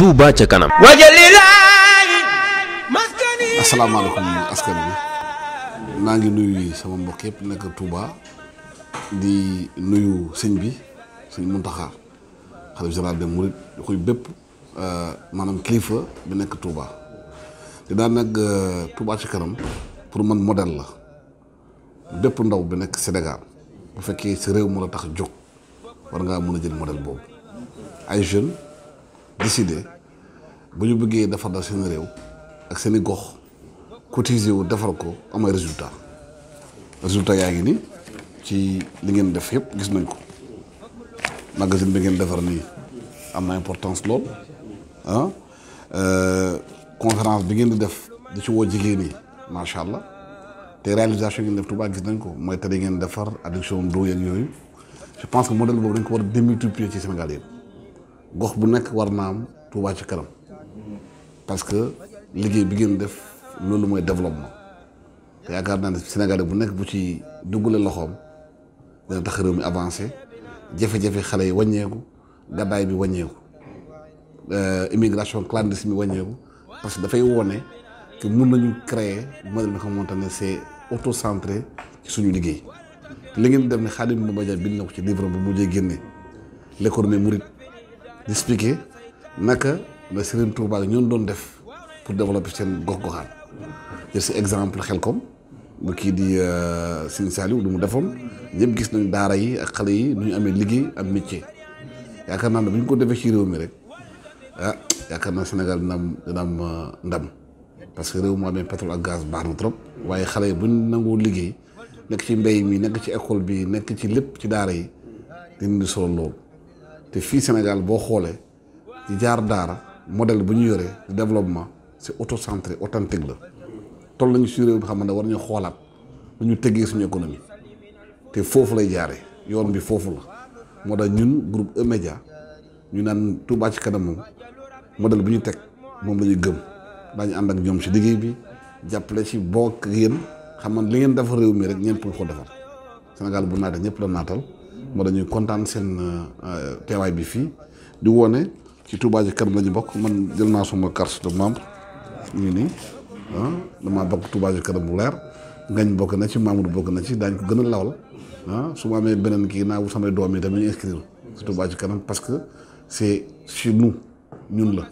Touba ca kanam asalaamaaleykum askan bi maa ngi nuyu sama mbokk yëpp nekk Touba di nuyu sëñ bi sëñ Muntaxa xalif général de Mouride di koy bépp euh, maanaam kilifa bi nekk Touba di daan nag euh, Touba ci kanam pour man modèle la bépp ndaw bi nekk Sénégal bu fekkee si réew mu la tax jóg war ngaa mën a jël modèle boobu ay jeunes décidé bu ñu bëggee defar dal seen réew ak seen i gox cotiser wu defar ko am ay résultat résultat yaa ngi ni ci li ngeen def yëpp gis nañ ko magazine bi ngeen defar nii am na importance lool ah euh, conférence bi ngeen di def di ci woo jigéen yi macha allah te réalisation ngeen def Touba gis nañ ko mooy tali ngeen defar adduction d'eau ak yooyu je pense que modèle boobu dañ ko war a démultiplier ci Sénégal yëpp. gox bu nekk war naa am Touba ci kanam parce que liggéey bi ngeen def loolu mooy développement te yaakaar naa ne sénégale bu nekk bu ci duggale loxoom dina tax réew mi avancé jafe-jafe xale yi wàññeeku gàddaay bi wàññeeku euh, immigration si bi wàññeeku parce que dafay wone que mun nañu créer modèle bi nga xamante ne c'est autocentré ci suñu liggéey te li ngeen def ne Khadim Bamba Diagne bind na ko ci livre bu mujjee génne l'économie mouride expliquer naka la Serigne Touba ñoon doon def pour développer seen gox-goxaan jël si exemple Xelkom bu kii di euh, Serigne Saliou du mu defoon ñëpp gis nañ daara yi ak xale yi nu ñu amee liggéey am métier yaakaar naa ne bu ñu ko defee ci réew mi rek ah yaakaar naa Sénégal dina am dina am euh, ndam parce que réew mu amee pétrole ak gaz baax na trop waaye xale yi bu ñu nangoo liggéey nekk ci mbéy mi nekk ci école bi nekk ci lépp ci daara yi dinañ di solo loolu. te fii Sénégal boo xoolee ci jaar daara modèle bu ñu yoree de développement c'est autocentré authentique la toll nañu si réew bi xam ne war ñu xoolaat lu ñu tegee suñu économie te foofu lay jaare yoon bi foofu la moo tax ñun groupe E-Media ñu naan Touba ci kanam moom modèle bu ñu teg moom la ñu gëm daañu ànd ak ñoom si liggéey bi jàppale ci bokk yéen xam nga li ngeen defar réew mi rek ñeent pour ko defar Sénégal bu naatee ñëpp la naatal. moo dañuy kontaan seen euh, teewaay bi fii di wone ci Touba Ca Kanam la bokk man jël naa suma carte de membre ñu nii ah, damaa bokk Touba Ca Kanam bu leer ngañ bokk na ci Mamour bokk na ci daañ ko gën lawal ah, su ma amee beneen kii naa wut samay doom yi tamit ñu inscrire ci Kanam parce que c'est chez nous ñun la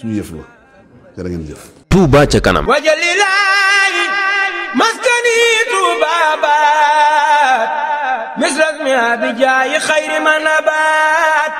suñu yëf la jërë ngeen jëf Touba Ca Kanam bi jaayi xayri ma nabaat